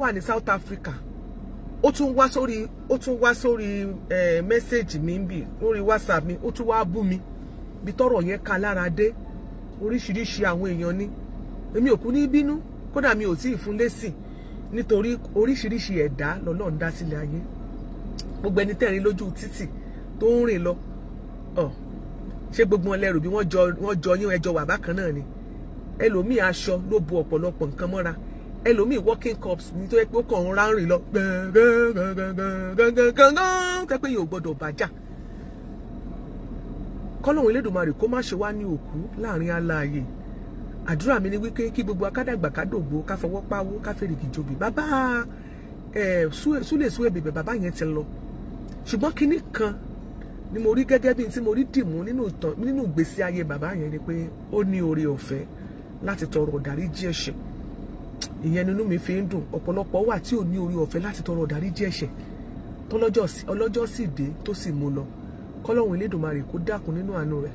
wà ní South Africa ó tún wá sórí ó tún wá sórí eh, mẹ́sẹ̀gì mi bì lórí WhatsApp mi ó tún wá bú mi bí tọ́rọ̀ yẹn ka lára dé oríṣiríṣi àwọn èèyàn ni èmi ò kú ní bínú kódà mi ò tí ì fún lésì nítorí oríṣiríṣi ẹ̀dá lọ́lọ́run dá sílẹ̀ ayé gbogbo ẹni tẹ́rin lójú títì tó ń rìn lọ ṣé gbogbo wọn lẹ́rù bí wọ́n jọ yín ẹjọ́ wà bákan náà ni ẹlòmíì aṣọ ló bo ọ̀pọ̀lọpọ̀ nǹkan mọ́ra ẹlòmíì walking cups ní tó yẹ pé ó kàn ń rárìn lọ gangan tẹ́ pé yẹn ò gbọ́dọ̀ bàjá kọ́lọ́hún Elédùmarè kó má ṣe wá ní òkú láàrin alààyè àdúrà mi ni wípé kí gbogbo akádàgbà kádògbò ká fọwọ́ pawó ká fèrèkì jòbì bàbá súlẹ̀ súwẹ̀ bèbè bàbá yẹn ti lọ ṣùgbọ́n kinní kan ni mo rí gẹ́gẹ́ bíi tí mo rí dìmú nínú ìgbésí ayé bàbá yẹn ni pé ó ní oore ọ̀fẹ́ láti tọrọ ìdáríjì ẹ̀ṣẹ̀ ìyẹn nínú mi fi ń dùn ọ̀pọ̀lọpọ̀ wà tí ò ní orí ọ̀fẹ́ láti tọrọ ìdáríjì ẹ̀ṣẹ̀ tọ́lọ́jọ́ sì dé tó sì mú lọ kọ́lọ́hún elédùnmarè kó dákun nínú àánú rẹ̀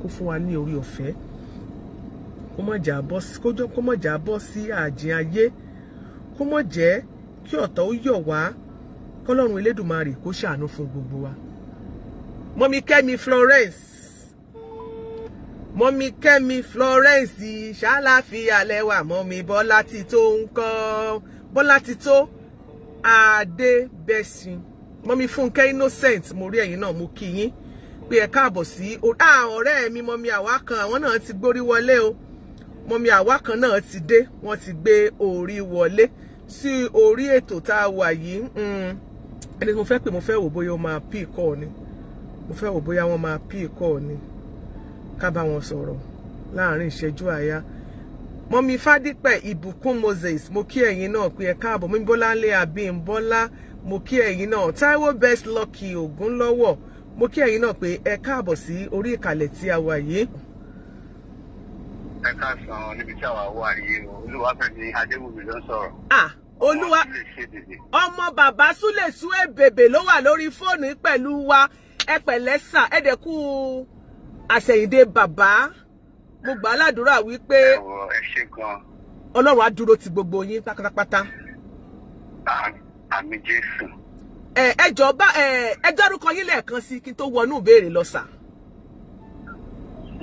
kó fún wa ní orí ọ̀fẹ́ kó má jà bọ́ sí àjìn ayé kó má jẹ́ kí ọ̀tọ̀ ó yọ̀ wá kọ́lọ́run elédùnmarè kó ṣàánú fún gbogbo wa. mọ́mi kẹ́mi Florence mọ́mí kẹ́mi florence ṣáláfíà lẹ́wà mọ́mí bọ́lá tító ń kọ́ bọ́lá tító adébẹ̀sìn mọ́mí fúnkẹ́ innocent mo rí ẹ̀yin náà mo kí yín pé ẹ káàbọ̀ sí ọ̀rẹ́ mi mọ́mí àwa kan àwọn náà ti gbórí wọlé o mọ́mí àwa kan náà ti dé wọ́n ti gbé orí wọlé sí orí ètò tá a wà yìí hmm. ẹni tí mo fẹ́ pè mo fẹ́ wò bóyá wọ́n máa pí ìkọ́ ni mo fẹ́ wò bóyá wọ́n máa pí ìkọ́ ni ká bá wọn sọ̀rọ̀ láàrin ìṣẹ́jú àáyá mọ́mí fádípẹ̀ ìbùkún moses mo kí ẹ̀yin náà pé ẹ káàbọ̀ mọ́mí bọ́láńlé àbímbọ́lá mo kí ẹ̀yin náà táíwò best lucky ògúnlọ́wọ̀ mo kí ẹ̀yin náà pé ẹ káàbọ̀ sí orí ìkàlẹ̀ tí a wà yìí. ẹ káàsán níbi tí àwa wà yìí olúwafẹ́mi adéwùmí ló ń sọ̀rọ̀. olúwa ọmọ bàbá súlẹ̀ sún èbèbè ló wà lórí fóònù pẹ̀lú wa ẹ pẹ̀lẹ́ sà àṣẹ̀yìndé bàbá mo gbà á ládùúrà wípé ọlọ́run á dúró ti gbogbo yín pátápátá. àmì jésù. ẹ ẹ jọba ẹ ẹ jọrúkọ yín lẹ́ẹ̀kan sí kí n tó wọnú ìbéèrè lọ sà.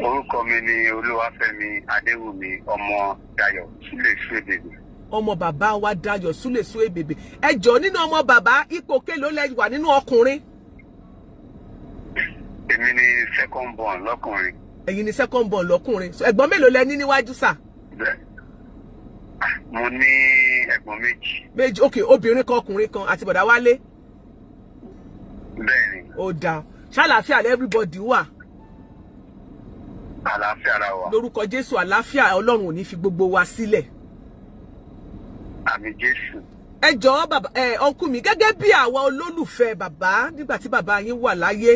orúkọ mi ni olúwafẹ́mi adéwùmí ọmọ dayọ̀ sílẹ̀ ṣúwébèbè. ọmọ bàbá wa dayọ̀ sílẹ̀ ṣúwébèbè ẹ jọ nínú ọmọ bàbá ipò kélòó lẹ wà nínú ọkùnrin èmi ni second born lọ́kùnrin. ẹ̀yin ni second born lọ́kùnrin ẹ̀gbọ́n mélòó lẹ ní níwájú sà. mo ní ẹ̀gbọ́n méjì. méjì ok obìnrin kan ọkùnrin kan àti bọ̀dá wálé. bẹ́ẹ̀ni. ó dáa ṣàlàáfíà lẹ́ everybody wà. àlàáfíà la wà. lórúkọ jésù àlàáfíà ọlọ́run ò ní fi gbogbo wa sílẹ̀. àmì jésù ẹ jọ̀ọ́ bàbá ẹ ọkùn mi gẹ́gẹ́ bí àwa olólùfẹ́ bàbá nígbà tí bàbá yín wà láyé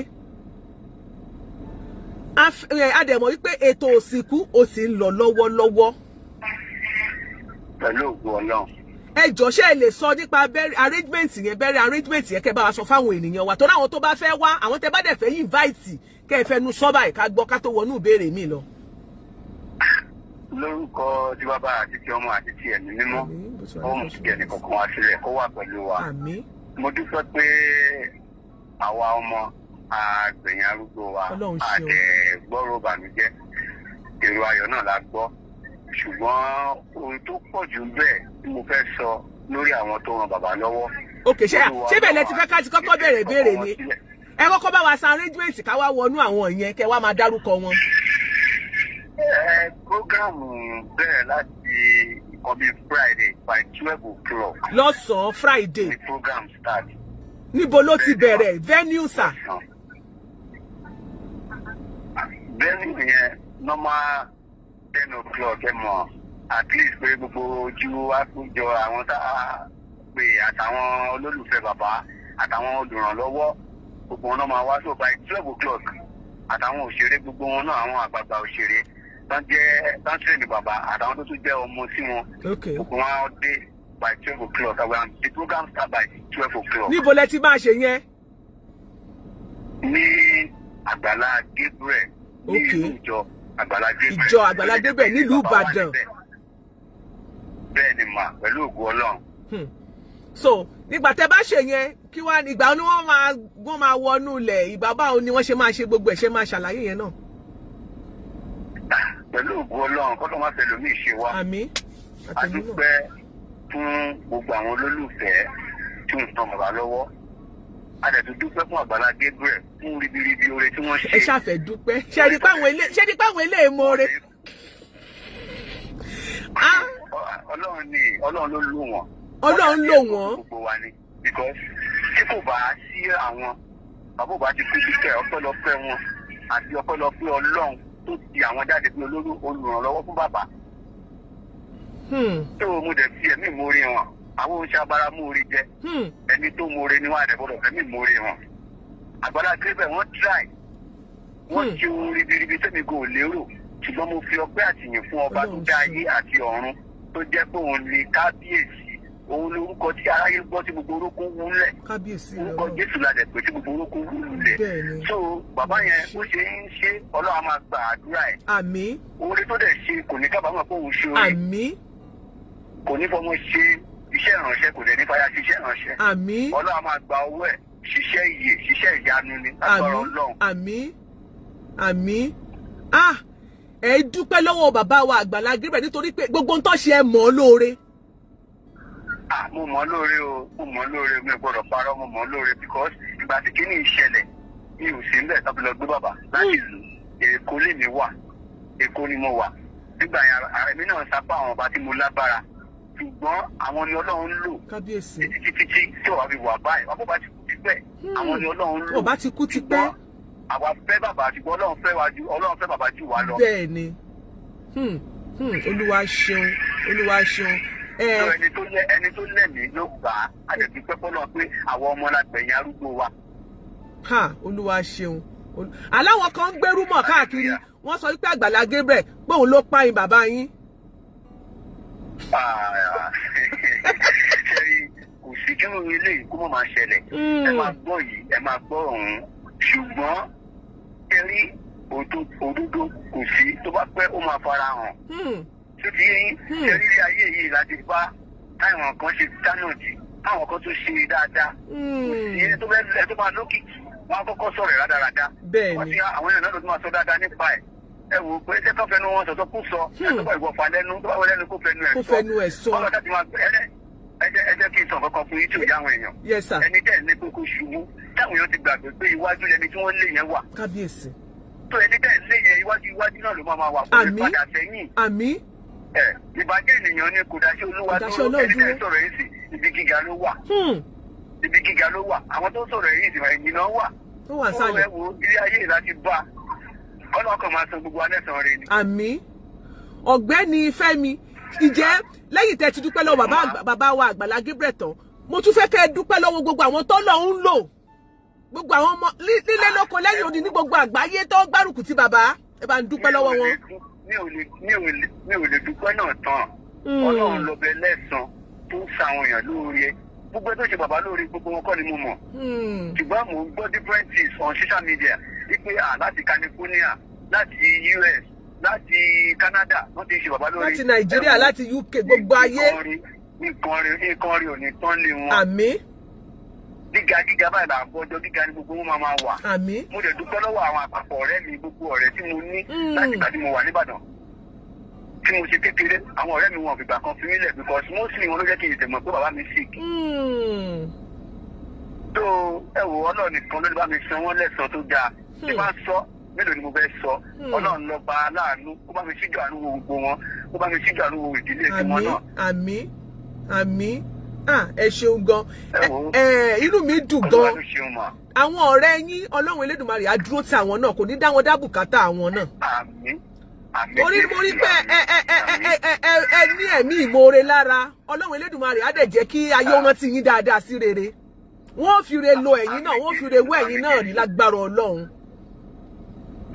adẹ̀mọ̀ eh, wípé ètò òsìnkú ó sì ń lọ lọ́wọ́lọ́wọ́. pẹ̀lú ògùn ọlọ́run. ẹ jọ̀ọ́ ṣé ẹ lè sọ nípa arrangement yẹn bẹ́rẹ̀ arrangement yẹn kẹ́ bá wa sọ fáwọn ènìyàn wa torí àwọn tó bá fẹ́ wá àwọn tẹ́ bá dẹ̀ fẹ́ invite kẹ́ ẹ fẹnu sọ́ba ìka gbọ́ ká tó wọnú ìbéèrè mi lọ. lórúkọ tí bàbá àti ti ọmọ àti ti ẹ̀mí mímọ́ ó mú kí ẹnì àgbẹ̀yìn arúgbó wa àtẹ gbọ́rọ̀ bànújẹ́ èrò ayọ̀ náà la gbọ́ ṣùgbọ́n ohun tó pọ̀ jù bẹ́ẹ̀ tí mo fẹ́ sọ lórí àwọn tó ran bàbá lọ́wọ́. ok ṣe ṣé bẹ̀rẹ̀ ti fẹ́ ká ti kọ́kọ́ bẹ̀rẹ̀ ìbéèrè ni ẹ kọ́kọ́ bá wa sa arrangement ká wá wọnú àwọn yẹn kẹ́ wá máa dárúkọ wọn. ẹ programu bẹ̀rẹ̀ láti nǹkan bíi friday by twelve o'clock. lọ́sàn-án friday. the program start. níbo ló ti bẹ̀rẹ̀ venue sir bẹ́ẹ̀ni yẹn normal ten o'clock ẹ mọ̀ at least pé gbogbo ojú wa àwọn tá a pè àtàwọn olólùfẹ́ bàbá àtàwọn olùrànlọ́wọ́ gbogbo wọn náà máa wá so by twelve o'clock àtàwọn òṣèré gbogbo wọn náà àwọn àgbààgbà òṣèré tán jẹ́ tán tẹ̀lé bàbá àtàwọn tó tún jẹ́ ọmọ sí wọn gbogbo wọn dé by twelve o'clock and the program start by twelve o'clock. níbo lẹ ti máa ṣe yẹn. ní àgbàlá Gabriel ní ìlú ìjọ Àgbàlá Gabriel ìjọ Àgbàlá Gabriel nílùú Ìbàdàn. bẹ́ẹ̀ ni mà pẹ̀lú ògùn Ọlọ́run. Hmm. so nígbà tẹ bá ṣe yẹn kí wàá ìgbà ni wọ́n máa wọ́n máa wọnú ilẹ̀ ìgbà báwo ni wọ́n ṣe máa ṣe gbogbo ẹ̀ ṣe máa ṣàlàyé yẹn náà. pẹ̀lú ògùn Ọlọ́run kọ́tọ́ máa fẹ́ lómi ìṣe wa. àmín àtẹnudọ́. a dúpẹ́ fún gbogbo àwọn olólùfẹ́ tí ń tan bàbá lọ́wọ́ àdẹ̀tún dúpẹ́ fún àgbàlá Gabriel fún ribiribi oore tí wọ́n ṣe. ẹ ṣàfẹ́ dúpẹ́ ṣẹ́ni páwọn ilé ilé mọ oore. Ah. ọlọ́run ni ọlọ́run ló lò wọ́n. ọlọ́run lò wọ́n. gbogbo wa ni because tí kò bá sí àwọn bàbá òbá ti kú síkẹ́ ọpẹ́lọpẹ́ wọn àti ọpẹ́lọpẹ́ ọlọ́run tó ti àwọn jáde bí olóró olùrànlọ́wọ́ fún bàbá. tó o mú dẹ̀ fi ẹ̀mí ìmórí wọn àwọn oṣù abara mórí jẹ hmm. ẹni tó mórí ni wọn àdẹ́gbọ́dọ̀ fẹ́mi mórí wọn àgbàlá gírífẹ̀ wọ́n tíráì wọ́n ti hmm. ohun ribiribi tẹ́mi kò lérò ṣùgbọ́n mo fi ọpẹ́ àtìyìn fún ọba tó dá ayé àti ọ̀run tó jẹ́ pé òun ni kábíyèsí òun lorúkọ tí aráyé gbọ́ tí gbogbo orókún wúlẹ̀ orúkọ jésù lálẹ́ pé tí gbogbo orókún wúlẹ̀ so bàbá yẹn ó ṣe ń ṣe ọlọ́run máa gba àdúrà ẹ̀ àmín oore tó dẹ̀ ṣe kò ní kábàámọ̀ pé òun ṣe oore àmín kò ní fọmọ ṣe iṣẹ́ ìrànṣẹ́ kò dẹ̀ ní fàyà ṣiṣẹ́ ìrànṣẹ́. àmín. ọlọ́run máa gba owó ẹ̀ ṣiṣẹ́ ìyè ṣiṣẹ́ ìyanu ni agbára ọlọ́run. àmín ah ẹ dúpẹ́ lọ́wọ́ bàbá wa Àgbàlá Gabriel nítorí pé gbogbo nǹkan ṣe ẹ mọ̀ ọ́ lóore. mo mọ̀ ọ́ lóore o mo mọ̀ ọ́ lóore mi ò gbọ́dọ̀ parọ́ mo mọ̀ ọ́ lóore because ìgbà tí kíní ìṣẹ̀lẹ̀ mi ò sí nílẹ̀ tàbí lọ gbé bàbá láti hmm. ìlú Èkó lèmi wà Èkó ni mo wà nígbà yẹn ara mi náà sápá àwọn ọba tí mo lágbára ṣùgbọ́n àwọn ni ọlọ́run ń lò títí títí tí ò wá fi wà báyìí wọn kò bá ti kú tipẹ́ hmm. àwọn ni ọlọ́run ń lò ò bá ti kú tipẹ́ àwa fẹ́ bàbá ṣùgbọ́n ọlọ́run fẹ́ wá ju ọlọ́run fẹ́ bàbá jù wá lọ. bẹ́ẹ̀ hmm, hmm, ẹni tó lẹ ẹni tó lẹ́mìí ló gbà á àdẹ̀bí pẹ́pọ́ pé àwọn ọmọ la arúgbó wa. olúwa ṣeun aláwọn kan ń gbérú mọ̀ káàkiri wọ́n sọ wípé Àgbàlá Gabriel pé òun ló pa yín bàbá yín ṣẹ́rí kò sí kí lóun eléyìí kó mọ̀ máa ṣẹlẹ̀ ẹ máa hmm. gbọ́ yìí ẹ máa gbọ́ ọ̀hún ṣùgbọ́n ṣẹ́rí òdodo kò sí tó bá pẹ́ ó máa fara hàn tó hmm. ti yé yín hmm. ṣẹ́rí ilé ayé yìí láti bá táwọn kan ṣe dáná jù táwọn kan tún ṣe dáadáa kò sí ẹni tó bá lókìkí wọn á kọ́kọ́ sọ̀rọ̀ rádaràda wọn ti àwọn èèyàn náà ló tún máa sọ dáadáa nípa ẹ̀ ẹ wò pé ṣé kọ́ fẹnu wọn sọ̀tọ̀ kú sọ ẹ̀tọ́ hmm. ìwọ̀ fà lẹ́nu tó bá wọ lẹ́nu kó fẹnu ẹ̀ sọ ọlọ́dà ti máa ẹ jẹ́ kí n sọ kankan fún yín tí ò yá àwọn èèyàn ẹni tẹ́ ẹ̀ ní kókó ṣubú táwọn èèyàn ti gbàgbé pé iwájú ẹni tí wọ́n lé yẹn wà. kábíyèsí. tó ẹni tẹ́ ẹ̀ lé yẹn iwájú iwájú náà ló máa ma wà kó lè padà ìbàjẹ́ ènìyàn ni kò dáṣẹ́ olúwa tó ẹni tẹ́ ọlọ́kọ̀ máa san gbogbo anẹ́sàn rẹ ni. àmín ọ̀gbẹ́ni fẹ́mi ìjẹ́ lẹ́yìn tẹ́ ti dúpẹ́ lọ́wọ́ bàbá wa àgbàlá Gabriel tán mo tún fẹ́ kẹ́ ẹ dúpẹ́ lọ́wọ́ gbogbo àwọn tó lọ ń lò gbogbo àwọn ọmọ lílé lóko lẹ́yìn odi ní gbogbo àgbáyé tó gbárùkù ti bàbá ẹ bá ń dúpẹ́ lọ́wọ́ wọn. mi ò lè dúpẹ́ náà tán hmm. ọlọ́run lọ́bẹ̀ lẹ́sàn-án tó ń sa àwọn èèyàn lóore gbogbo ẹ tó ṣe bàbá lórí gbogbo wọn kọ́ ni mo mọ̀ hmm. ṣùgbọ́n mò ń gbọ́ different things on social media wípé à láti California láti US láti Canada wọ́n ti ṣe bàbá lórí láti Nàìjíríà láti UK gbogbo ayé nǹkan rí nǹkan rí ò ní tán lé wọn. àmín gíga gíga báyìí là ń bọ́jọ́ gíga ni gbogbo wọn máa máa wà. àmín mo dẹ̀ dúpẹ́ lọ́wọ́ àwọn àpapọ̀ ọ̀rẹ́ mi gbogbo ọ̀rẹ́ tí mo ní hmm. láti ìgbà tí mo wà níbàdàn tí mo ṣe kékeré àwọn ọ̀rẹ́ mi wọn fìgbà kan fi mí lẹ̀ because mostly wọn ló jẹ́ kí n tẹ̀mọ̀ pé bàbá mi sick. tó hmm. ẹ wò ọlọ́run nìkan ló lè bá mi san wọ́n lẹ́sàn-án tó dáa tí hmm. bá ń sọ mélòó ni mo fẹ́ sọ hmm. ọlọ́run lọ bá aláàánú ó bá mi ṣíjú àánú wo gbogbo wọn ó bá mi ṣíjú àánú wo ìdílé tiwọn náà. àmín àmín ah, ẹ ṣeun gan inú mi dùn gan àwọn ọ̀rẹ́ yín ọlọ́run elédùnmarè á dúró ti àwọn náà kò ní dá wọn dá bùkátà àwọn náà. àmín orí orí pé ẹ ẹ ẹ ẹ ẹ ẹ ẹ ní ẹ̀mí ìmoore lára ọlọ́run elédùnmarè á dẹ̀ jẹ́ kí ayé rántí yín dáadáa si rere wọ́n fi re lo ẹ̀yin náà wọ́n fi re wọ́ ẹ̀yin náà rí lágbára ọlọ́run.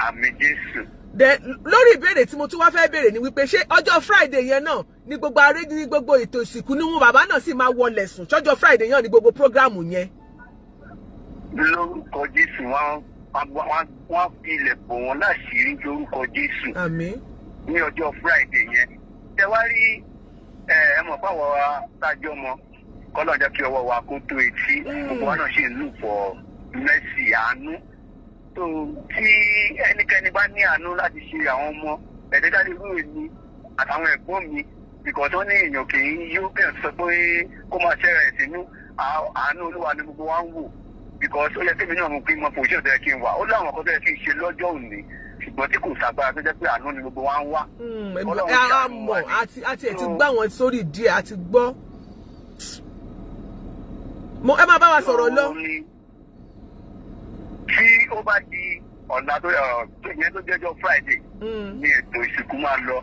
àmín jésù. dẹ lórí ìbéèrè tí mo tún wáá fẹ́ béèrè ni wípé ṣé ọjọ́ friday yẹn náà ni gbogbo aré ní gbogbo ètò ìsìnkú ni wọn bàbá náà sì máa wọlé sùn ṣọjọ́ friday yẹn ni gbogbo prógráàmù yẹn. lórúkọ jésù wọn wọ́n fi ilẹ̀ bò wọ́n láṣìírí lórúkọ Jésù ní ọjọ́ Friday yẹn tẹ wá rí ẹ mọ̀ fáwọ̀ wa sájọ́ mọ́ kọ́lọ́jà kí ọwọ́ wa kó tó etí hmm. gbogbo wa náà ṣe ń lù pọ̀ mẹ́sì àánú tó tí ẹnikẹ́ni bá ní àánú láti ṣe àwọn ọmọ ẹ̀ẹ́dẹ́gbẹ́rẹ́ irú èmi àtàwọn ẹ̀gbọ́n mi ìkọ̀tọ́ ní èèyàn kì í yóò bẹ̀rẹ̀ sọ pé kó máa ṣẹ́ra ẹ̀sìn nú àánú olúwa ni gbogbo wa ń wò because ó yẹ kí mi náà mú kí n mọ position tó yẹ kí n wà ó láwọn ọkọ tó yẹ kí n ṣe lọ́jọ́ òní ṣùgbọ́n tí kò sagbára tó jẹ́ pé àánú ni gbogbo wa ń wá. Hmm, a mọ̀ àti àti ẹ̀ ti gbá wọn sórí díẹ̀ àti gbọ́. mo ẹ máa bá wa sọ̀rọ̀ lọ. tí ó bá di ọ̀nà tó yẹn tó jẹ́jọ́ Friday hmm. ni ètò ìsìnkú máa lọ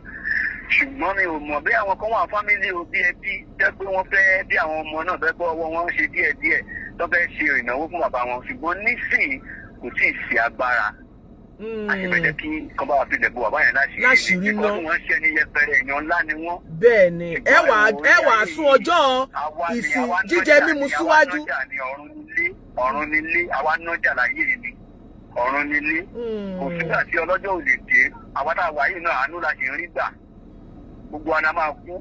ṣùgbọ́n mi ò mọ̀ bí àwọn kan wà fámílì òbí ẹbí jẹ́ pé wọ́n fẹ́ bí àwọn ọmọ náà fẹ́ bọ́ ọwọ́ wọn ṣe díẹ̀díẹ̀ tó fẹ́ ṣe ìnáwó fún bàbá wọn ṣùgbọ́n nísìnyí kò tí ì sí agbára hmm. àti bẹ̀jẹ̀ kí kọ́ba wàá filẹ̀ bu bàbá yẹn láṣìírí ní kọ́ni wọ́n ṣe ní yẹpẹrẹ èèyàn ńlá ni wọ́n. bẹ́ẹ̀ ni ẹ wà ẹ wà sún ọjọ́ ìsìn jíjẹ mímu síwájú. ọ̀run nílé àwa nájà láyé ni ọ̀run nílé hmm. kò sígbà tí ọlọ́jọ́ ò lè dé àwa a wà yìí náà àánú la ṣe ń rí gbà gbogbo àná máa kú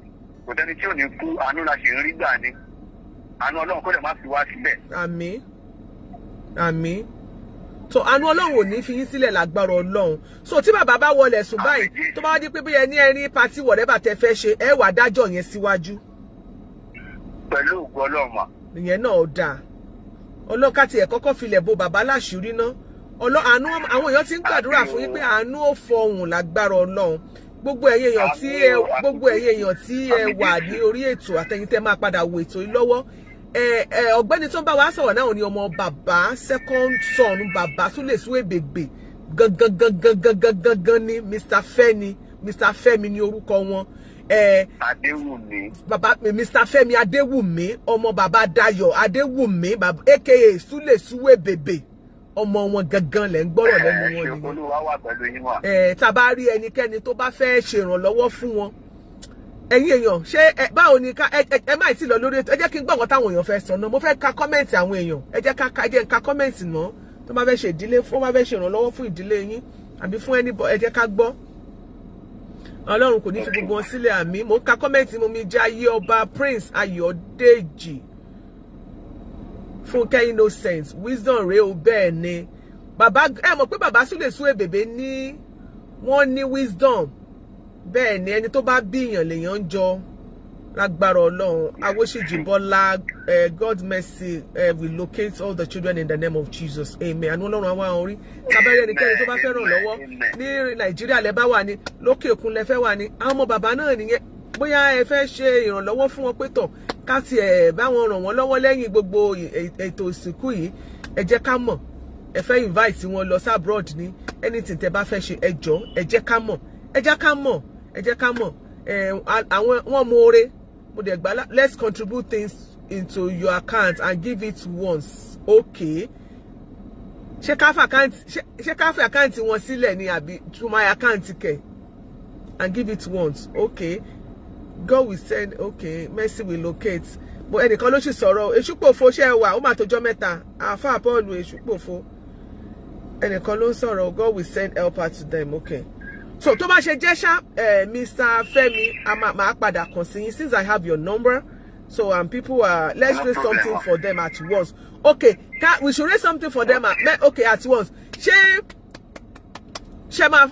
kò tẹ́ni tí ò ní kú àánú la ṣe ń rí gbà ni àánú ọlọ́run kó lè má fi wá sílẹ̀. àmín àmín so àánú ọlọ́run ò ní fi yín sílẹ̀ lágbára ọlọ́run so tí bàbá bá wọlé sùn báyìí tó bá wá di pé ẹni ẹni pati whatever tẹ fẹ́ ṣe ẹ wà dájọ́ yẹn síwájú. pẹ̀lú ògùn ọlọ́run mà. ìyẹn náà ó dáa ọlọ́ka tiẹ̀ kọ́kọ́ filẹ̀ bo bàbá láṣìírí ná ọlọ́ àánú àwọn èèyàn ti ń gbàdúrà fún yín pé àánú ò fọhùn lágbára ọlọ́run gbogbo ẹ̀yin èèyàn tí ẹ gbogbo ẹ̀yin èèyàn tí ẹ wà ní orí ètò àtẹ̀yìntẹ́ máa padà wò ètò yìí lọ́wọ́ ọ̀gbẹ́ni tó ń bá wa sọ̀rọ̀ náà ni ọmọ bàbá second son bàbá Sule Suebegbe gangan gangan gangan gangan ni Mr Fẹ́mi Mr Fẹ́mi ni orúkọ wọn. Adéwùmí. Bàbá Mr Fẹ́mi Adéwùmí ọmọ bàbá Dayọ̀ Adéwùmí aka Sule Suebegbe ọmọ wọn gangan lẹ ń gbọ́rọ̀ lẹ́nu wọn ni. Ṣé Olúwa wà pẹ̀lú yín wà? Tá a bá rí ẹnikẹ́ni tó bá fẹ́ ṣèrànlọ́wọ́ fún wọn ẹ̀yin èèyàn ṣé ẹ báwo ni ká ẹ má ti lọ lórí ètò ẹ jẹ́ kí n gbọ́ nǹkan táwọn èèyàn fẹ́ sọ náà mo fẹ́ ka kọ́mẹ̀ntì àwọn èèyàn ẹ jẹ́ ká ẹ jẹ́ n ka kọ́mẹ̀ntì náà tó bá fẹ́ ṣe ìdílé fún bá fẹ́ ṣe ìrànlọ́wọ́ fún ìdílé yín àbí fún ẹni bọ ẹ jẹ́ ká gbọ́ ọlọ́run kò ní fi gbogbo wọn sílẹ̀ àmì mo ka kọ́mẹ̀ntì mo mi jẹ́ ayé ọba e prince ayọ̀dèjì fúnkẹ́ innocent wisdom rèé o bẹ́ẹ̀ ni bàbá ẹ mọ̀ pé bàbá sùn lè sún èbèbè ní wọ́n ní wisdom bẹ́ẹ̀ ni ẹni tó bá bí èèyàn lèèyàn ń jọ lágbára ọlọ́run awosiji bọ́lá eh, god mercy eh, We locate all the children in the name of jesus amen àánú ọlọ́run àwọn àwọn orí tábẹ́rẹ́ ẹnikẹ́ni tó bá fẹ́ ràn lọ́wọ́ ní nàìjíríà lẹ bá wà ní lókè òkun lẹ fẹ́ wà ní àwọn ọmọ bàbá náà nìyẹn bóyá ẹ fẹ́ ṣe ìrànlọ́wọ́ fún wọn pé tọ̀ ká ti ẹ̀ eh, bá wọn ràn wọ́n lọ́wọ́ lẹ́yìn gbogbo ètò ìsìnkú yìí ẹ jẹ́ ká mọ̀ ẹ fẹ́ invite wọn lọ sí abroad ní anything tẹ bá fẹ́ ṣe ẹ jọ̀ọ́ ẹ jẹ́ ká mọ̀ ẹ jẹ́ ká mọ̀ ẹ ká mọ̀ àwọn wọ́n mọ oore mo dẹ̀ gbà let's contribute things into your account and give it once okay ṣé ká fi àkáǹtì ṣé ká fi àkáǹtì wọn sílẹ̀ ni àbí to my account kẹ̀ and give it once okay God will send okay mercy will locate but ẹnìkan ló sì sọ̀rọ̀ èṣùpòfo ṣe wà ó máa tọjọ́ mẹ́ta àáfàá bọ́ọ̀lù èṣùpòfo ẹnìkan ló ń sọ̀rọ̀ God will send helper to them okay so tó bá ṣe jẹ́ ṣá eh, Mr. Femi máa padà kàn sí yín since I have your number so um people are let's no raise something for them at once okay can, we should raise something for them at, okay at once She, she ma,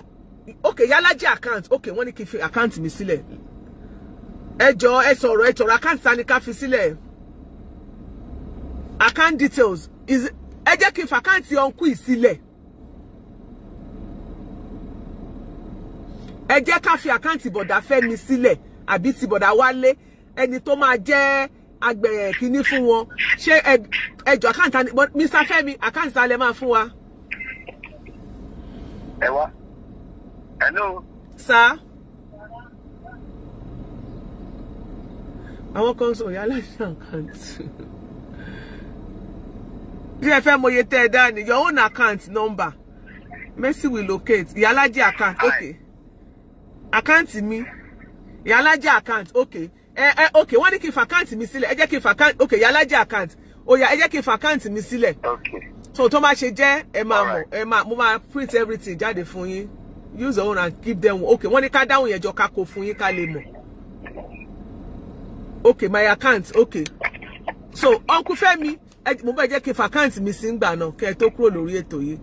okay yálàjì account okay wọ́n ní kí n fi account mi sílẹ̀ ẹ jọ ẹ sọ̀rọ̀ ẹ account ta ni ká fi sílẹ̀ account details is ẹ jẹ́ kí n fi account uncle sílẹ̀. ẹ jẹ́ ká fi àkáǹtì bọ̀dà Fẹ́mi sílẹ̀ àbí ti bọ̀dà Wálé ẹni tó máa jẹ́ agbẹ̀rẹ̀ kínní fún wọn ṣé ẹjọ́ àkáǹtì Mr Fẹ́mi àkáǹtì alẹ́ máa fún wa. ẹ hello. Sir. àwọn kan sọ ìyá account. àkáǹtì bí ẹ fẹ́ mọye tẹ́ ni your own account number mercy will locate ìyá alájẹ account okay àkáǹtì mi ìyálájà àkáǹtì ok ẹ ẹ ok wọ́n ní kí n fa àkáǹtì mi sílẹ̀ ẹ jẹ́ kí n fa àkáǹtì ok ìyálájà àkáǹtì ó yá ẹ jẹ́ kí n fa àkáǹtì mi sílẹ̀ so tó bá ṣe jẹ́ ẹ máa mọ̀ ẹ máa mo máa print everything jáde fún yín use your own and keep them ok wọ́n ní ká dáhùn yẹn jọ ká kó fún yín ká lè mọ̀ ok my account ok so uncle Femi, mo bẹ jẹ́ kí n fa àkáǹtì mi sí gbà náà kẹ́ ẹ tó kúrò lórí ètò yìí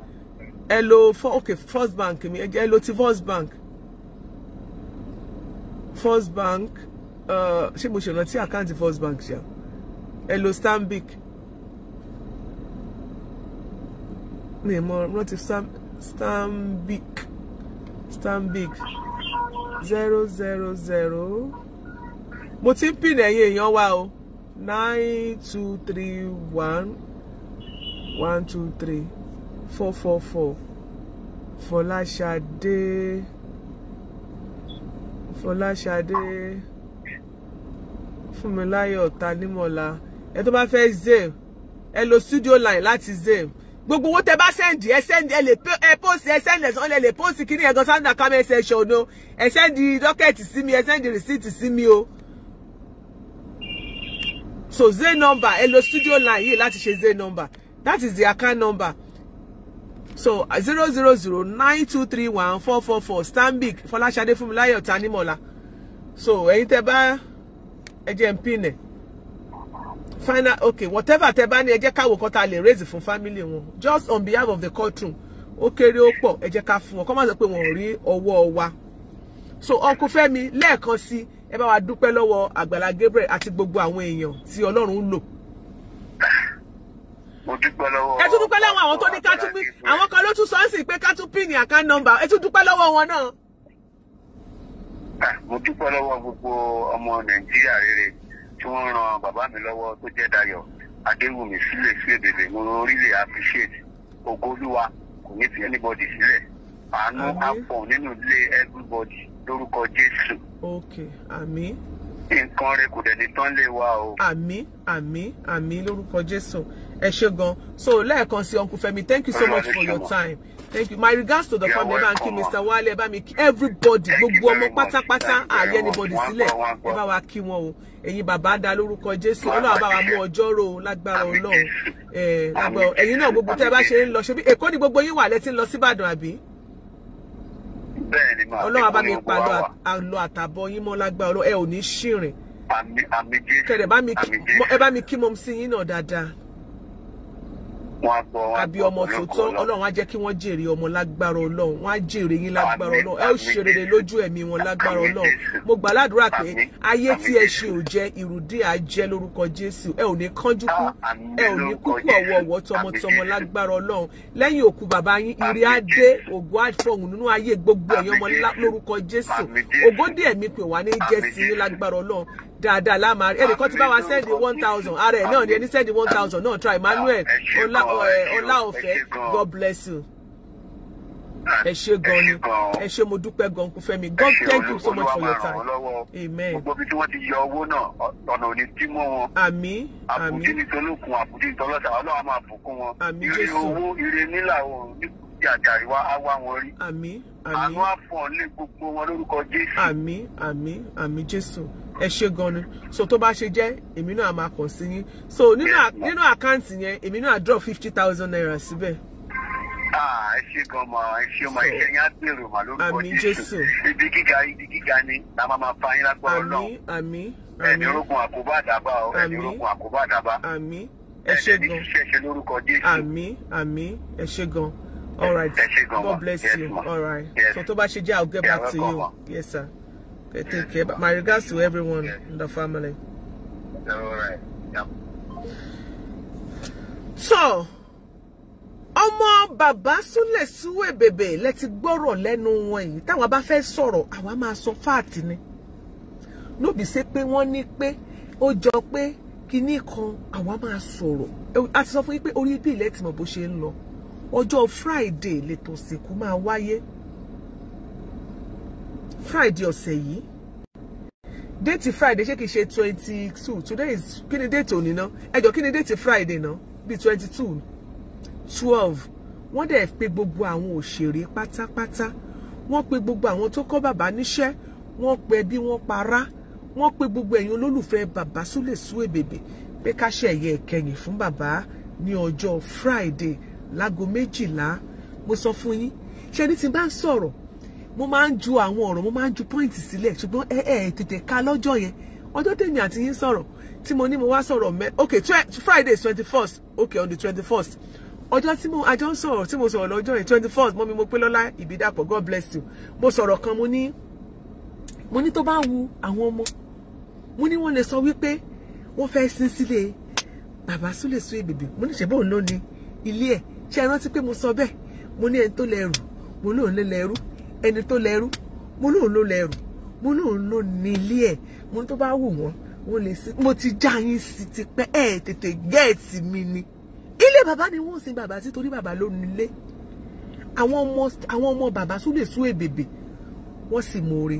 ẹ lo ok first bank mi ẹ jẹ́ ẹ lo ti first bank first bank uh, ṣé mo ṣe rántí àkáǹtì first bank ṣá ẹ lo stanbic mi mọ rántí stanbic stanbic zero zero zero mo ti ń pin ẹ̀yìn èèyàn wa o nine two three one one two three four four four Fọláṣadé. Fọláṣadé Fúnmiláyọ̀ Tanímọ̀lá ẹ tó bá fẹ́ zim ẹ lo studio line láti zim gbogbo owó tẹ bá sẹ́ndì ẹ sẹ́ndì ẹ lè ẹ post ẹ sẹ́ndì ẹ̀sán ẹ lè post kíní ẹ̀gán sanda comment section no ẹ sẹ́ndì dọ́kẹ̀tì sí mi ẹ sẹ́ndì rìsíìtì sí mi o so z number ẹ lo studio line yìí láti ṣe z number that is the account number so zero zero zero nine two three one four four four stanbic fọláṣadé fúnmiláyọ̀ tanímọ̀lá so ẹ̀yin tẹ́ bá ẹ jẹ́ ń pin ẹ̀ final okay whatever tẹ́ bá ní ẹ jẹ́ káwọ́ kan lè raise fún family wọn just on behalf of the courtroom ó kéré ó pọ̀ ẹ jẹ́ ká fún wọn kọ́ má sọ pé wọn ò rí ọwọ́ wa so ọkọ Fẹ́mi lẹ́ẹ̀kan sí ẹ bá wa dúpẹ́ lọ́wọ́ Àgbàlá Gabriel àti gbogbo àwọn èèyàn tí Ọlọ́run ń lò mo dúpẹ́ lọ́wọ́ ẹ tún dúpẹ́ lọ́wọ́ àwọn tó ní ká tún pín àwọn kan ló tún sọ sí pé ká tún pín account number ẹ tún dúpẹ́ lọ́wọ́ wọn náà. Ah, mo dúpẹ́ lọ́wọ́ gbogbo ọmọ nàìjíríà rere tí wọ́n ran bàbá mi lọ́wọ́ tó jẹ́ Dayọ̀ Adéwùmí sílẹ̀ sí èdèdè mo really appreciate Ògolúwa kò ní fi anybody sílẹ̀ àánú àpọ̀ nínú ilé everybody lórúkọ Jésù. ok àmín. Okay nǹkan rẹ kò dẹ̀ ní tán lè wá o. àmín àmín àmín lórúkọ jésù ẹ ṣé gan so lẹ́ẹ̀kan sí uncle Femi thank you so much for your time thank you my regards to the family ẹ bá ń kí mr wale ẹ bá mi kí everybody gbogbo ọmọ pátápátá ààyè anybody sílẹ̀ ẹ bá wa kí wọn o ẹ̀yin bàbá dá lórúkọ jésù ọlọ́run bá wa mú ọjọ́ rò ó lágbára ọlọ́run ẹ̀yin náà gbogbo tẹ́ ẹ bá ṣe ń lọ ṣe bí èkó ni gbogbo yín wà lẹ́tí ń lọ síbàdàn àbí ọlọ́run abá mi pa àlọ́ àtàbọ̀ yín mọ́ lágbára ọlọ́run ẹ ò ní ṣìrìn kẹ̀dẹ̀ bá mi kí mọ́ sí yín náà dáadáa àbí ọmọ tòótọ́ ọlọ́run á jẹ́ kí wọ́n jèrè ọmọ lágbára ọlọ́run wọ́n á jèrè yín lágbára ọlọ́run ẹ ó ṣe rere lójú ẹ̀mí wọn lágbára ọlọ́run mo gbà ládùúrà pé ayé tí ẹ ṣe ò jẹ ìrùdí àjẹ lórúkọ jésù ẹ ò ní kánjú kú ẹ ò ní kúkú ọ̀wọ̀ọ̀wọ̀ tọmọtọmọ lágbára ọlọ́run lẹ́yìn òkú bàbá yín ire á dé ògo àfọ̀hún nínú ayé gbogbo ẹ̀yàn ọmọ lórúkọ jésù ògódé ẹ̀mí pè wá ní jẹ́ sí yín lágbára ọlọ́run dáadáa lámàá rí ẹnìkan ti bá wa sẹ́ndì one thousand ara ẹ̀ náà ni ẹni sẹ́ndì one thousand náà try Emmanuel Ọláọ̀fẹ́ God bless you ẹ ṣé gan ni ẹ ṣé mo dúpẹ́ gan kú fẹ́mi God thank you so much for your time amen. gbogbo bí tí wọ́n ti yọ owó náà ọ̀nà ò ní mọ́ wọn. àmín àmín àbùdí ní tolókun àbùdí ní tọlọ́sà ọlọ́wà máa bùkún wọn. àmín Jésù ire owó ire nílà oòrùn ti àjàrí wa á wá wọn rí. àmín àmín àánú àfọ̀n lé gbogbo wọn lórúkọ jésù. àmín àmín àmín jésù ẹ ṣe gan ni so tó bá ṣe jẹ́ èmi náà máa kàn sí yín so nínú àkáǹtì yẹn èmi náà drop fifty thousand naira síbẹ̀ ẹ ṣe gan mọ ẹ ṣe ọmọ ẹṣẹ yẹn á gbèrò mà lórúkọ jésù ibi gíga ibi gíga ni la máa máa fa yín lágbára náà ẹni orógun àkóbá àdábà ọ ẹni orógun àkóbá àdábà ẹni ní ṣiṣẹ́ ṣe lórúkọ jésù. àmín àmín ẹ ṣe gan all right god bless yes, you all right yes. so tó i'll get yeah, back to you ma. yes sir okay, take yes, care ma. my regards to everyone yes. in the family. all right yep. so ọmọ bàbá Sule Suwe Bebe lẹ ti gbọ́rọ̀ lẹ́nu wọn yìí táwọn bá fẹ́ sọ̀rọ̀ àwa máa sọ fáàtì ni lóbi ṣe pé wọ́n ní pé ó jọ pé kinní kan àwa máa sọ̀rọ̀ a ti sọ fún yín pé orí bí ọjọ́ friday lètò òsìnkú máa wáyé friday ọ̀sẹ̀ yìí déètì friday ṣé kìí ṣe twenty two today is kí ni déètì òní ná ẹjọ́ kí ni déètì friday ná bíi twenty two twelve wọ́n dẹ̀ pe gbogbo àwọn òṣèré pátápátá wọ́n pe gbogbo àwọn tó kọ́ bàbá níṣẹ́ wọ́n pe ẹbí wọ́n para wọ́n pe gbogbo ẹ̀yin olólùfẹ́ bàbá Sule Suebebe pé ká ṣe ẹ̀yẹ ìkẹyìn fún bàbá ní ọjọ́ friday lágo méjìlá mo sọ fún yín ṣe ní tí n bá ń sọ̀rọ̀ mo máa ń ju àwọn ọ̀rọ̀ mo máa ń ju pọ́ìntì sílẹ̀ ṣùgbọ́n ẹ ẹ tètè ka lọ́jọ́ yẹn ọjọ́ tèmi àti yín sọ̀rọ̀ tí mo ní mo wá sọ̀rọ̀ mẹ́ ok friday twenty first ok on the twenty first ọjọ́ tí mo àjọ ń sọ̀rọ̀ tí mo sọ̀rọ̀ lọ́jọ́ yẹn twenty first mọ́mi mo pé lọ́lá ìbídàpọ̀ god bless you mo sọ̀rọ̀ kan mo ní mo ní tó bá wu àwọn ọmọ mo ní wọ́n lè sọ wípé wọ́n fẹ́ sin sílé bàbá Sule Suebebe mo ní ṣe bóun ló ní ilé ẹ̀ ṣe rántí pé mo sọ bẹ́ẹ̀ mo ní ẹni tó lẹ́rù mo lóun ló lẹ́rù ẹni tó lẹ́rù mo lóun ló lẹ́rù mo lóun ló ní ilé ẹ̀ mo tó bá wù wọ́n mo lè sí mo ti já yín sí ti pẹ́ ẹ̀ tètè gẹ́ẹ̀tì mi ni ilé bàbá ni wọ́n sin bàbá sí torí bàbá ló nílé àwọn ọmọ àwọn ọmọ bàbá tún lè sún èbèbè wọ́n sì mòore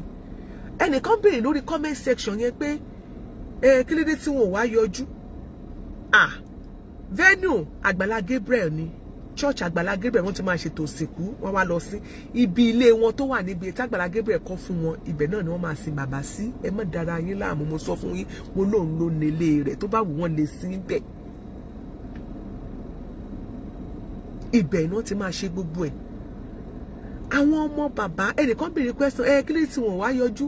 ẹnìkan béèrè lórí comment section yẹn pé ẹ kí ló dé tí wọn ò wá yọjú ah venue Àgbàlá Gabriel ni church àgbàlá Gabriel wọ́n ti máa ṣètò òsìnkú wọ́n wá lọ sí ibi ilé wọn tó wà níbi tí àgbàlá Gabriel kọ́ fún wọn ibẹ̀ náà ni wọ́n máa sin bàbá sí ẹ má dára yín láàmú mo sọ fún yín mo lóun ló nílé rẹ̀ tó bá wù wọ́n lè sin bẹ̀ ibẹ̀ ni wọ́n ti máa ṣe gbogbo ẹ̀ àwọn ọmọ bàbá ẹnìkan béèrè question ẹ kí lè tí wọ́n wá yọjú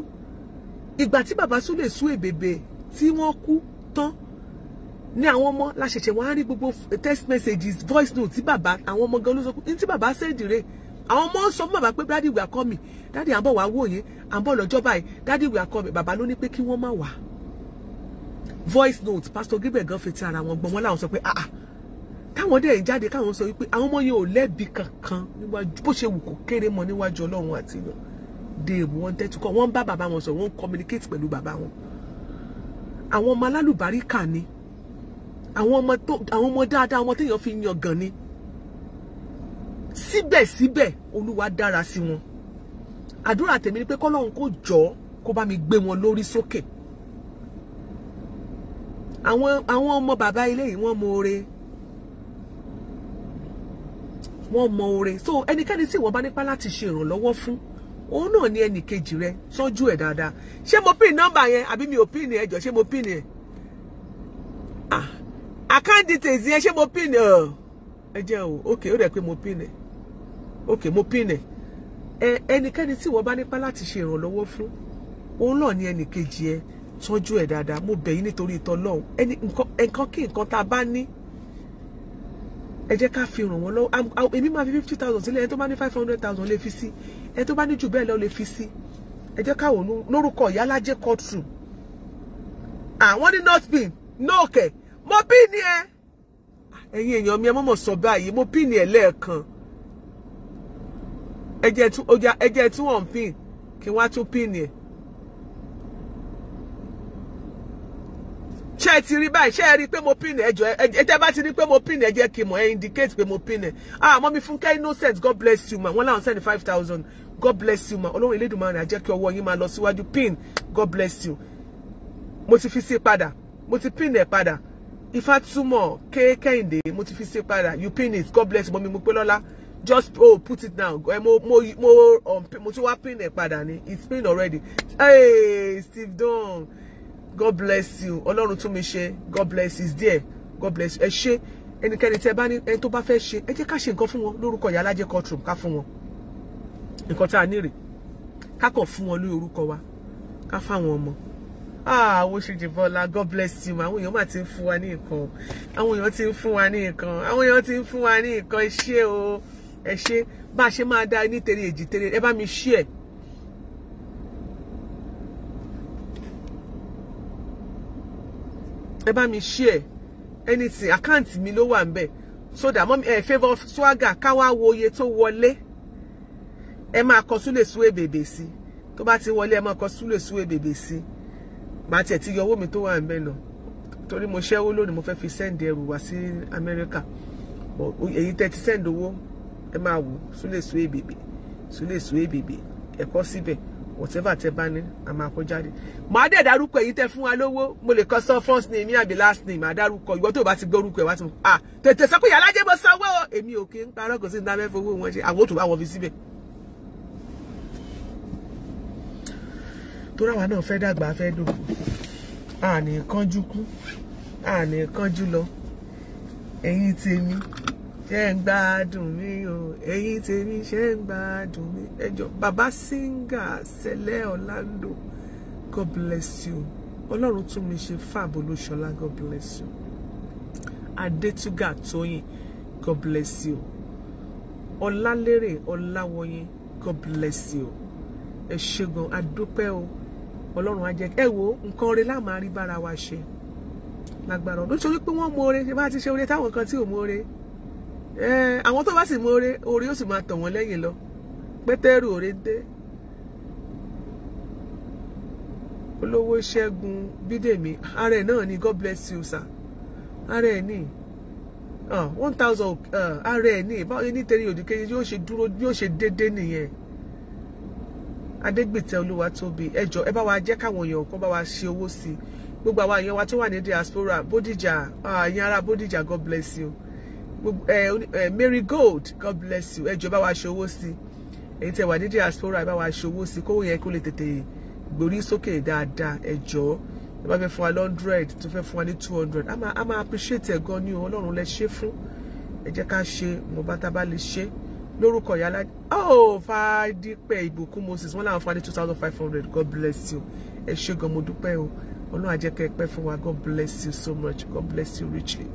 ìgbà tí bàbá Sule Suebebe tí wọ́n kú tán ní àwọn ọmọ la ṣẹ̀ṣẹ̀ wá rí gbogbo text messages voice note tí bàbá àwọn ọmọ gan ló sọ ní tí bàbá ṣèdí rè àwọn ọmọ sọ fún bàbá pé dádì ìwé àkọ́ mi dádì à ń bọ̀ wá wò yín à ń bọ̀ lọ́jọ́ báyìí dádì ìwé àkọ́ mi bàbá ló ní pé kí wọ́n má wà voice note pastor gíbẹ̀ gan fi ti ara wọn gbọ́n wọn làwọn sọ pé ah ah káwọn dẹ̀ ń jáde káwọn sọ wípé àwọn ọmọ yẹn ò lẹ́bi kankan níwájú bó ṣe wù kó kéré mọ́ níwájú ọlọ́run àti yàn they wanted to come wọ́n bá bàbá wọn sọ wọ́n communicate pẹ̀lú bàbá wọn àwọn ọmọ alálùbáríkà ni àwọn ọmọ tó àwọn ọmọ dáadáa ọmọ téèyàn fi yan gan ni síbẹ̀síbẹ̀ olúwa dára sí wọn àdúrà tèmi ni pé kọ́lọ́run kò jọ kó bá mi gbé wọn lórí sókè àwọn àwọn ọmọ bàbá ilé yìí wọ́n mọ oore wọ́n mọ oore so ẹnikẹ́ni tí ìwọ́n bá nípa láti ṣe ìrànlọ́wọ́ fún òun náà ni ẹnì kejì rẹ tọ́jú ẹ̀ dáadáa ṣé mo pin nọ́mbà yẹn àbí mi ò pin ẹ̀ jọ ṣé mo pin ẹ̀ ah account details yẹn ṣé mo pin ẹ ẹ jẹ́ o ok ó rẹ̀ pé mo pin ẹ ok mo pin ẹ ẹnikẹ́ni tí wọ́n bá nípa láti ṣe ìrànlọ́wọ́ fún òun náà ni ẹnì kejì ẹ tọ́jú ẹ̀ dáadáa mo bẹ̀ yín nítorí ìtọ́lọ́hún ẹni nǹkan kí nǹkan tá a bá ní ẹ jẹ́ ká fi ràn wọ́n lọ́wọ́ èmi máa fi fifty thousand sílẹ̀ ẹni tó bá ní five hundred thousand lè fi sí ẹni tó bá ní jù bẹ́ẹ̀ lọ lè fi sí ẹ jẹ́ ká wò lórúkọ ìyálájẹ́ courtroom àwọn ah, ní north bin nóòkè. No, okay mo pín ní ẹ ẹ̀yin èèyàn mi ẹ mọ̀mọ̀ sọ báyìí mo pín ní ẹ lẹ́ẹ̀kan ẹjẹ tí wọ́n ń pín kí wọ́n á tún pín ní ẹ. ṣé ẹ ti rí báyìí ṣé ẹ rí i pé mo pín ní ẹjọ ẹjẹ bá ti rí i pé mo pín ní ẹjẹ kí mo ẹ indicate pé mo pín ní ẹ ah mọ́mí Fúnkẹ́ innocent God bless you ma wọ́n láwọn send five thousand God bless you ma Ọlọ́run Elédùmarè á jẹ́ kí ọwọ́ yín máa lọ síwájú pin God bless you mo ti fi sí padà mo ti pin ẹ̀ padà Ifatumo K Kehinde mo ti fi ṣe padà you pin it God bless mommy Mopelola just oh put it down eh, mo mo mo um, mo ti wá pin ẹ padà ni it's pin already hey Steve Don God bless you Ọlọ́run tún mi ṣe God bless is there God bless ẹ ṣé ẹnikẹ́ni tẹ́ bá ní ẹni tó bá fẹ́ ṣe ẹ jẹ́ ká ṣe nǹkan fún wọn lórúkọ Ìyá Alájẹ courtroom ká fún wọn nǹkan tá a nírè ká kàn fún wọn ní orúkọ wa ká fáwọn ọmọ ah Wosiji Bola god bless you àwọn èèyàn mà ti ń fún wa ní nǹkan àwọn èèyàn ti ń fún wa ní nǹkan àwọn èèyàn ti ń fún wa ní nǹkan ẹ ṣé o ẹ ṣé bá a ṣe máa dá ní tèrè èjì tèrè ẹ bá mi share. ẹ bá mi share anything àkáǹtì mi ló wà ń bẹ̀ so that mọ́ ẹ favour swagger káwá wo iye tó wọlé ẹ máa kọ súlẹ̀ súwé bèbè sí tó bá ti wọlé ẹ máa kọ súlẹ̀ súwé bèbè sí màá tiẹ̀ ti yọ owó mi tó wà níbẹ̀ náà torí mo ṣẹ́wó lónìí mo fẹ́ fi sẹ́ǹdì ẹrù wá sí Amẹ́ríkà èyí tẹ́ ti sẹ́ǹdì owó ẹ máa wò súlè sú èbèbè súlè sú èbèbè ẹ̀kọ́ síbẹ̀ whatever tẹ́ bá ní a máa kó jáde màá dẹ̀ dárúkọ èyí tẹ́ fún wa lówó mo lè kọ sọ first name mi àbí last name màá dárúkọ ìwọ tó bá ti gbórúkọ ẹ̀ wá ti mọ̀ ah tètè sọ pé yàrá jẹ́ mo sanwó èmi ò kí ń parọ́ kò sí ní dábẹ́ fowó wọn ṣe àwọn ò tó bá wọn fi síbẹ̀ torí àwa náà fẹ́ dàgbà fẹ́ dògbò àní kánjú kú àní kánjú lọ ẹ̀yin tèmi ṣé ń gbádùn mi o ẹ̀yin tèmi ṣé ń gbádùn mi ẹjọ́ bàbá singa sẹlẹ̀ Orlando God bless you ọlọ́run tún mi ṣe fàbọ̀ olóṣọlá God bless you adétúgà tóyìn God bless you ọlálérè ọláwọyìn God bless you ẹ ṣé gan adúpẹ́ o ọlọ́run á jẹ́ ẹ wo nǹkan oore láàmú àríbára wa ṣe lágbára ọdún torí pé wọ́n mú oore ṣe bá ti ṣe oore táwọn kan tí ò mú oore àwọn tó bá sì mú oore oore ó sì máa tọ̀ wọ́n lẹ́yìn lọ pétérù oore dé olówó ṣẹ́gun bídèmí ara ẹ̀ náà ni god bless you sir ara ẹ̀ ní one thousand ara ah, ẹ̀ ní báwo ní tẹ̀lé òdìkejì yóò ṣe dúró yóò ṣe déédéé nìyẹn adégbètè olúwatóbi ẹjọ ẹ bá wa jẹ́ káwọn èèyàn kan bá wa ṣe owó sí i gbogbo àwọn èèyàn wa tó wà ní diaspora bódìjà àyàn ará bódìjà god bless you mary gold god bless you ẹjọ ẹ bá wa ṣe owó sí i èyí tẹ́ wà ní diaspora ẹ bá wa ṣe owó sí i kówó yẹn kó lè tètè gbórí sókè dáadáa ẹjọ ẹ bá fẹ́ fún wa one hundred tó fẹ́ fún wa ní two hundred a máa appreciate ẹ̀ gan ni o ọlọ́run lẹ ṣe fún ẹ jẹ́ ká ṣe mo bá tá a bá lè ṣe lórúkọ ìyá aládé oh fàdípẹ ìbùkún moses wọn làwọn fàdé two thousand five hundred god bless you ẹ ṣé gan mo dúpẹ́ o Ọlọ́run àjẹkẹ pẹ́ fún wa god bless you so much god bless you richly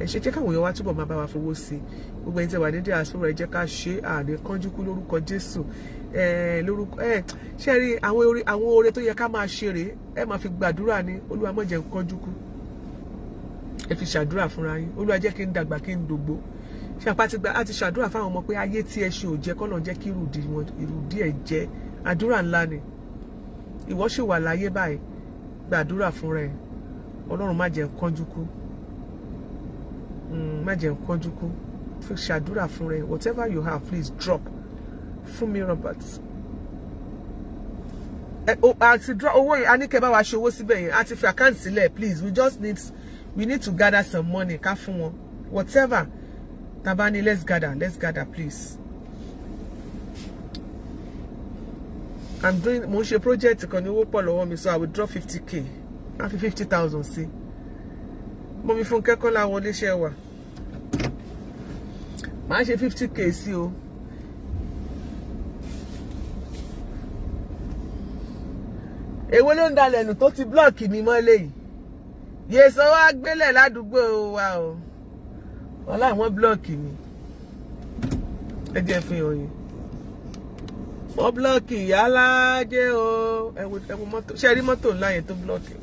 ẹ ṣé jẹ́ káwọn èèyàn wá túbọ̀ máa bá wa fowó sí i gbogbo ẹni tí wà ní diaspora ẹ jẹ́ ká ṣe àní kánjúkú lórúkọ jésù ẹ lórúkọ ẹ ṣe rí àwọn oore àwọn oore tó yẹ ká máa ṣe rèé ẹ máa fi gbàdúrà ní olúwa má jẹ́ kánjúkú ẹ fi ṣàdúrà fúnra yín olúwa jẹ́ kí n dàgbà kí n dògbò ṣàpàtìgbà àti ṣàdúrà fáwọn ọmọ pé ayé tí ẹ ṣe ò jẹ kọ́nà jẹ́ kí ìrùdí ẹ̀ jẹ àdúrà ńlá ni ìwọ ṣì wà láyé báyìí gbàdúrà fúnra ẹ ọlọ́run má jẹ́ ń kánjú kú hmm, má jẹ́ ń kánjú kú ṣàdúrà fúnra ẹ whatever you have please drop fún mi Robert àti owó yẹn a ní kẹ́ bá wa ṣe owó síbẹ̀ yẹn a ti fi àkáǹtì sílẹ̀ please we just need we need to gather some money ká fún wọn whatever. Tabani, let's gather. Let's gather, please. I'm doing mo ń ṣe project kan ní owó pọ̀ so I will draw 50k. I fi 50,000 sí. Mo mi fún kẹ́kọ̀ọ́ láwọn oníṣẹ́ wa. Màá ṣe 50k See, o. Èwo ló ń dalẹ̀ nù tó ti blọ́ọ̀kì mi mọ́ léyìí. Yèsọ wa gbélẹ̀ ládùúgbò wa o. Wow wọn láwọn búlọ́ọ̀kì ni ẹ jẹ́ fi hàn yín wọn búlọ́ọ̀kì aláàjẹ o ẹ wo mọ́tò ṣe rí mọ́tò ńlá yẹn tó búlọ́ọ̀kì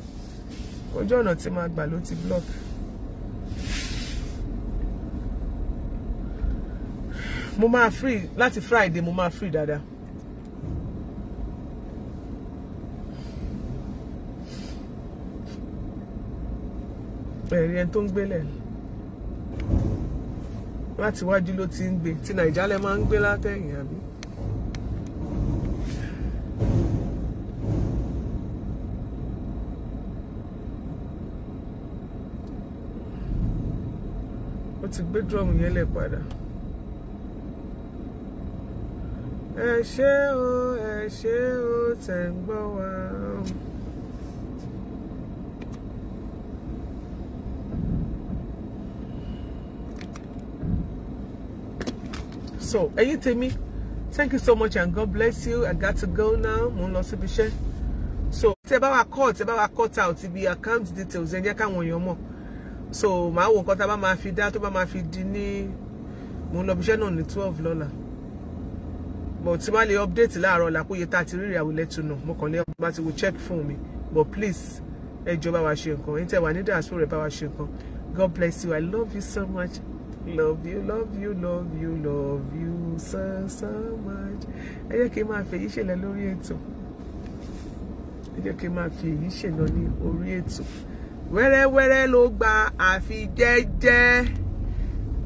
ojú ọ̀nà tí máa gbà ló ti búlọ́ọ̀kì. mo máa free láti Friday mo máa free dáadáa. ẹ̀rí ẹni tó ń gbélẹ̀ ni láti wájú ló ti ń gbé tí nàìjíríà lẹ máa ń gbé látẹ̀yìn àbí. ó ti gbé drum yẹn lẹ̀ padà. ẹ ṣé o ẹ ṣé o tẹ̀ ń gbọ́ wa. so and you tell me, thank you so much and God bless you I got to go now mo ń so it's about our court, tẹ bá wa cut out ibi account details ẹ jẹ́ káwọn èèyàn more. so my work nǹkan tá a bá máa fi dá tó bá máa fi di ní mo ń twelve lọ́la but tí wàá lè update láàárọ̀ ọ̀la kó yẹ tá a ti rírì àwìlẹ̀ tó nà mo kàn lè bá ti wo check phone me. but please ẹ jọ bá wa ṣe nǹkan ẹ tẹ wà ní dàásù rẹ bá wa ṣe nǹkan God bless you I love you so much love you love you love you love you so so much ẹ jẹ́ kí n máa fi èyí ṣẹlẹ̀ lórí ètò ẹ jẹ́ kí n máa fi èyí ṣẹlẹ̀ ní orí ètò wẹ́rẹ́wẹ́rẹ́ ló gba àfi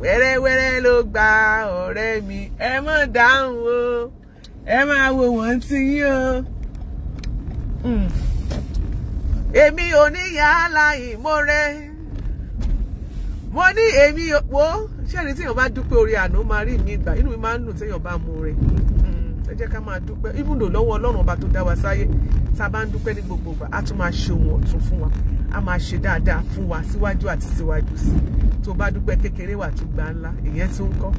wẹ́rẹ́wẹ́rẹ́ ló gba ọ̀rẹ́ mi ẹ mọ̀ dáhùn o ẹ máa wo wọ́n ti yín o. Hmm. èmi ò ní yàrá ìmọ̀rẹ́ mo ní èmi wo ṣẹ́ni tí èèyàn bá dúpẹ́ orí àná máa rí mi gbà inú mi máa ń dùn téèyàn bá mú rẹ̀ ẹ jẹ́ ká máa dúpẹ́ even though lọ́wọ́ ọlọ́run ọba tó dá wa sáyé tá a bá ń dúpẹ́ ní gbogbo ìgbà á tún máa ṣe ohun ọ̀tún fún wa á máa ṣe dáadáa fún wa síwájú àti síwájú sí tó bá dúpẹ́ kékeré wà tó gbà ńlá ìyẹn tún ń kọ́.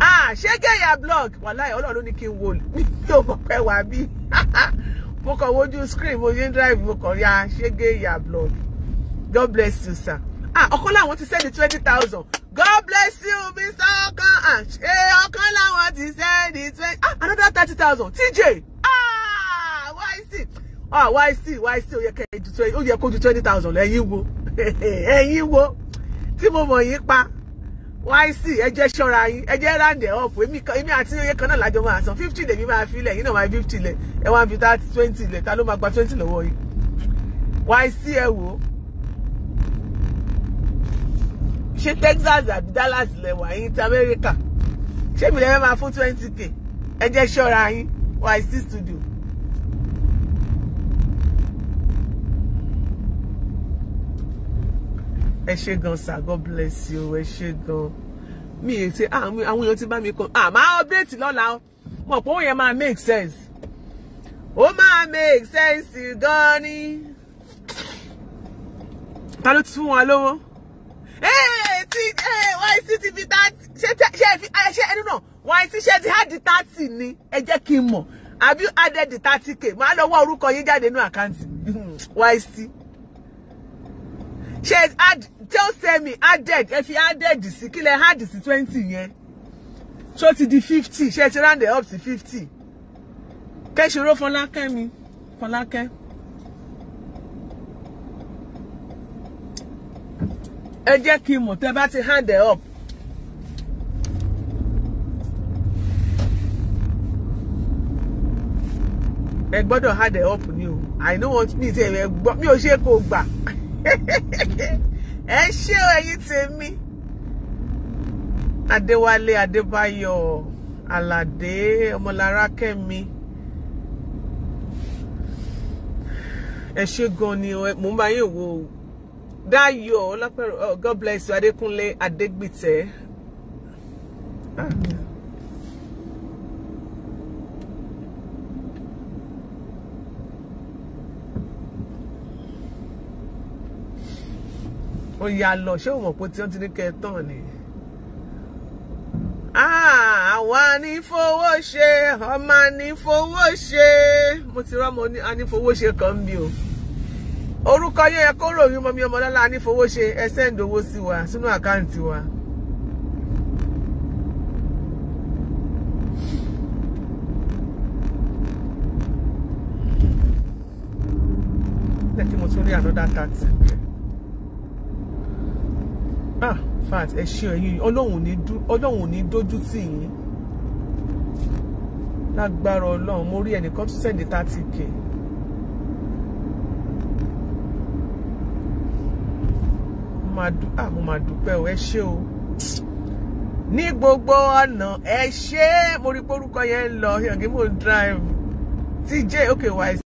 ah ṣé gẹ̀yà blog wàláì ọlọ́run ní kí n wò ní yóò mọ̀ pẹ́ wá bí mo kàn wojú screen mo ṣe ń drive mo kàn rí a ṣé gẹ̀yà blog god bless you sir ah ọkọ làwọn ti sẹ́ni twenty thousand god bless you mr ọkàn ah ṣe want to send sẹ́ni twenty ah another thirty thousand tj ah why yc ah yc yc ó yẹ kẹ́ ju twenty you yẹ kó ju twenty thousand go. wo ẹ̀yin wo tí mo mọ̀ yín pa yc ẹ jẹ́ ṣọ́ra yín ẹ jẹ́ round up èmi àti oyè kan náà lájọ máa san fifty lèmi máa fi lẹ̀ You know my fifty lẹ̀ ẹ wá fi thirty twenty lẹ̀ ta ló máa gba twenty lọ́wọ́ yín yc ẹ wò ó ṣé Texas àbí Dallas lẹ́wà yín ti Amẹ́ríkà ṣé mi lẹ́yìn máa fún twenty k ẹ jẹ́ ṣọ́ra yín YC studio. ẹ ṣé gan sir God bless you ẹ ṣé gan mi ì ṣe ah, àwọn èèyàn ti bá mi kàn ah, àmọ́ update lọ́la mọ̀ pé ó yẹ máa make sense ó máa make sense gan ni ta ló ti fún wọn lówó. Hey, why ti yc ti She, she, I ẹnu náà yc ṣe ti hard thirty ni ẹ jẹ́ kí n Have you added the thirty k My lord, máa lọ wá orúkọ yín jáde ní àkáǹtì yc She add tell semi added If you added the sí kílẹ̀ add sí twenty yẹn the ti She fifty ṣe ti round up she roll for fọlákẹ́ For fọlákẹ́. ẹ jẹ́ kí n mọ̀ tẹ́ bá ti hand it up. ẹ gbọ́dọ̀ hand it up ni o i no want me say ẹ gbọ́ mi ò ṣe kó gbà ẹ ṣé ẹ̀yin tèmi adéwálé adébáyọ̀ aládé ọmọlára kẹ́mi. ẹ ṣé gan ni mo máa yín wo Dayo Olapero oh, God bless you Adekunle Adegbite ah. ó yà lọ ṣé o mọ̀ pé tí wọ́n ti ní kẹ́ ẹ tán ni. Ah, àwa ní fowó ṣe ọmọ ní fowó ṣe mo ti rọ́ mo ní anífowó ṣe kan bí o orúkọ yẹn yẹ kó ròyìn mọ́mí ọmọlọ́lá anífowó ṣe ẹsẹ̀ ìdòwò sí wa sínú àkáǹtì wa. lẹ́kí mo tún rí another thirty. ah fat ẹ ṣe ẹyin ọlọ́run ò ní dójú tì yín lágbára ọlọ́run mo rí ẹnìkan tún sẹ́ndí thirty k. máa dú à mo máa dúpẹ́ o ẹ ṣé o ní gbogbo ọ̀nà ẹ ṣé mo rí pé orúkọ yẹn ń lọ yọ̀ǹgí mo drive TJ okay wise.